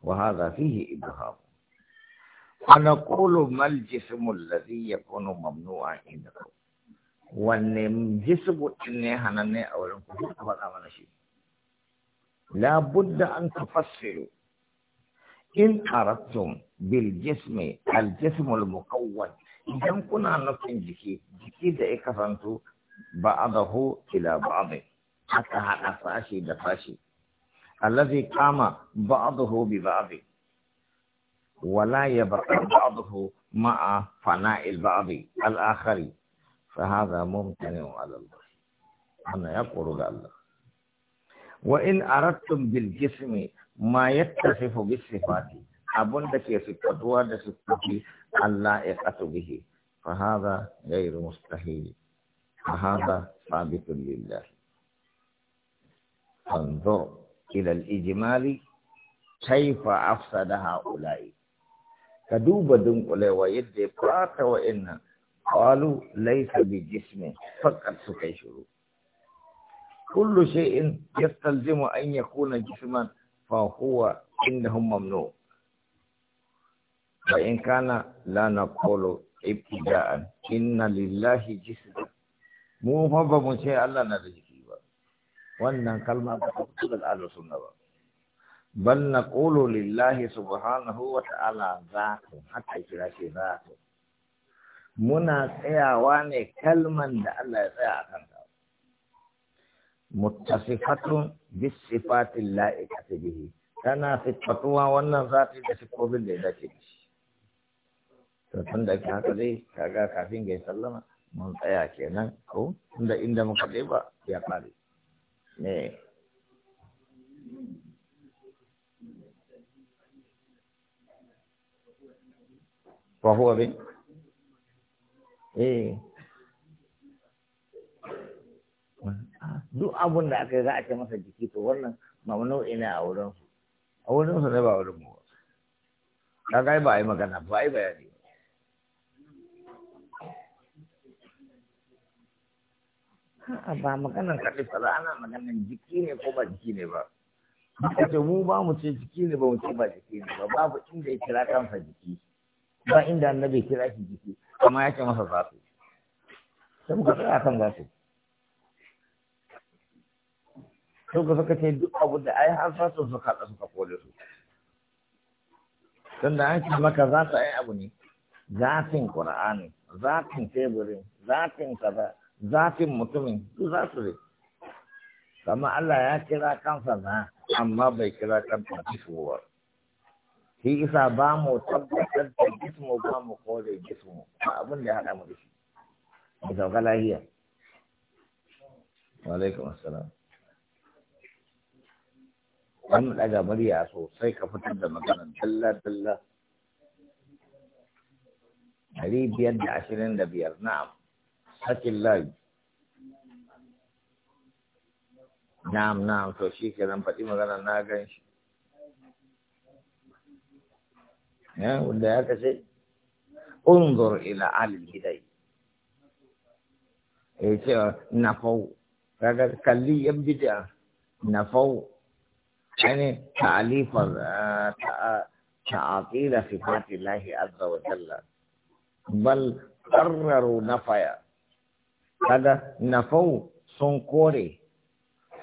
وهذا فيه إبهام فنقول ما الجسم الذي يكون ممنوعا عندكم ونم جسم إني هنني أولم ولا شيء لا بد أن تفسروا إن أردتم بالجسم الجسم المقوى إذا كنا نفسي جكي جكي ده إيه بعضه إلى بعض حتى هذا فاشي دفاشي الذي قام بعضه ببعض ولا يبقى بعضه مع فناء البعض الآخر فهذا ممتنع على الله أنا يقول الله وإن أردتم بالجسم ما يتصف بالصفات أبن دكي صفات ودى اللائقة به فهذا غير مستحيل فهذا ثابت لله انظر إلى الإجمال كيف أفسد هؤلاء كدوب دنقل ويد برات وإن قالوا ليس بجسم فقط سكيشروا كل شيء يستلزم أن يكون جسما فهو عندهم ممنوع وإن كان لا نقول ابتداء إن لله جسما mu fa ba mu ce Allah na da jiki ba wannan kalma ba ta fito daga ahlus sunna ba bal naqulu lillahi subhanahu wa ta'ala zatu hatta kira shi zatu muna tsayawa ne kalman da Allah ya tsaya a kanta muttasifatun bis sifatil bihi tana sifatuwa wannan zati da sifofin da ya dace da shi to tun da haka dai kaga kafin ga sallama mun tsaya kenan ko inda inda muka ɗeba ya ƙare ne fahuwa bin eh duk abun da aka yi za a ce masa jiki to wannan mamanau ina a wurin a wurin su ne ba wurin mu ba kaga ba a yi magana ba a yi bayani ba maganan kaɗi fara ana maganan jiki ne ko ba jiki ne ba ce mu ba mu ce jiki ne ba mu ce ba jiki ne ba babu inda ya kira kansa jiki ba inda annabi kira shi jiki amma ya ce masa zafi sai muka tsaya kan zafi to ka suka ce duk abu da ai har fasu suka haɗa suka kore su tunda an ce maka za su yi abu ne zafin qur'ani zafin teburin zafin kaza zafin mutumin su za su ne kama Allah ya kira kansa na amma bai kira kansa jismuwar shi isa ba mu tabbatar da jismu ba mu kore jismu ba abin da ya haɗa mu da shi mu sauka lahiya alaikum assalam an daga murya sosai ka fitar da maganar dalla-dalla. Ɗari biyar da ashirin da biyar, na'am. حق الله نعم نعم تو شي كده پتی مگر نا گئے ها ولدي كسي انظر الى علي الهدي ايش نفو راجل قال لي يبدا نفو يعني تعليف آه، تعاطيل صفات الله عز وجل بل قرروا نفيا kada nafau sun kore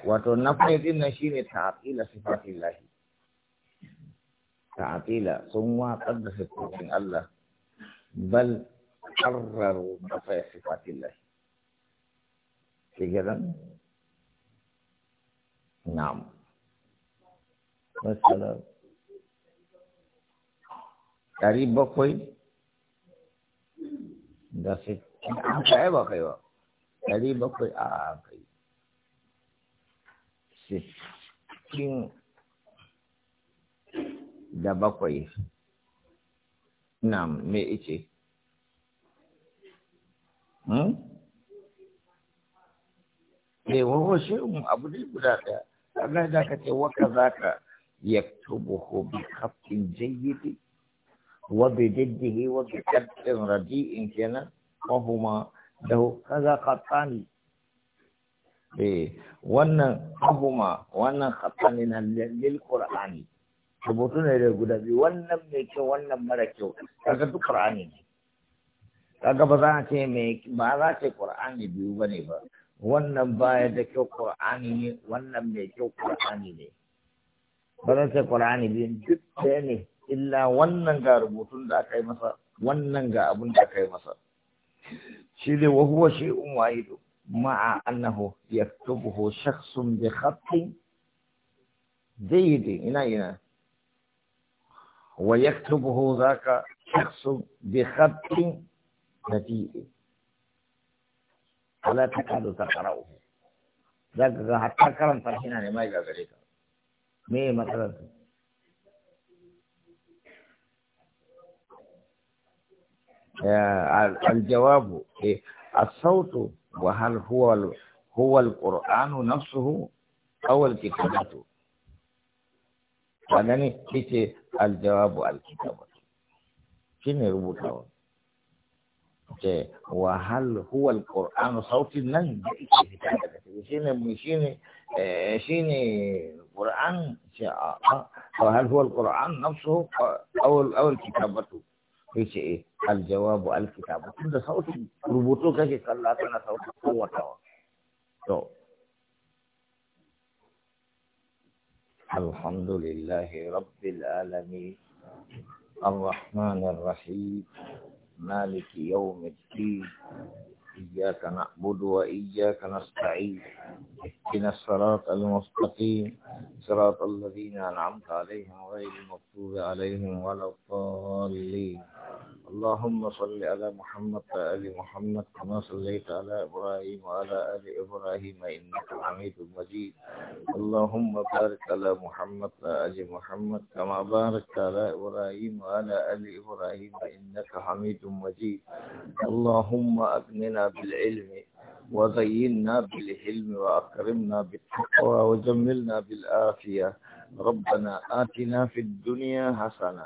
wato nafai din nan shine ta'ila sifatillah ta'ila sun wa da sifatin Allah bal qarraru nafai sifatillah kiran na'am wassalam dari bakoi da sittin an kai ba kai ba ɗari bakwai a kai sittin da bakwai na me ice hmm? e wawo um abu ne guda ɗaya sannan da ka ce waka za ka yaktubuhu bi khaftin jayyidi wa bi jiddihi wa bi kadrin radi'in kenan wa huma da kaza khattani eh wannan abuma wannan khatani na lil qur'ani rubutu ne da guda biyu wannan mai kyau wannan mara kyau kaga duk qur'ani ne kaga ba za a ce mai ba za ce qur'ani biyu bane ba wannan baya da kyau qur'ani ne wannan mai kyau qur'ani ne ba za ce qur'ani biyu duk ɗaya ne illa wannan ga rubutun da aka yi masa wannan ga abun da aka yi masa شيء وهو شيء واحد مع أنه يكتبه شخص بخط جيد هنا هنا ويكتبه ذاك شخص بخط رديء ولا تكاد تقرأه ذاك حتى كرم فرحنا ما يبقى بريكا ما مثلا آه، الجواب إيه؟ الصوت وهل هو هو القرآن نفسه أو الكتابة فلني كيتي الجواب الكتابة شنو ربوتها إيه، وهل هو القرآن صوت نن شنو شنو إيه، شنو القرآن وهل هو القرآن نفسه أو أو الكتابة ya ce eh aljawabu alkitabu tunda da sautin rubutu kake kalla kana sautin kowatawa to الحمد لله رب العالمين الرحمن الرحيم مالك يوم الدين إياك نعبد وإياك نستعين إن الصراط المستقيم صراط الذين أنعمت عليهم غير المغضوب عليهم ولا الضالين اللهم صل على محمد وآل محمد كما صليت على إبراهيم وعلى آل إبراهيم إنك حميد مجيد اللهم بارك على محمد وآل محمد كما باركت على إبراهيم وعلى آل إبراهيم إنك حميد مجيد اللهم أغننا بالعلم وزينا بالحلم وأكرمنا بالتقوى وجملنا بالآفية ربنا آتنا في الدنيا حسنة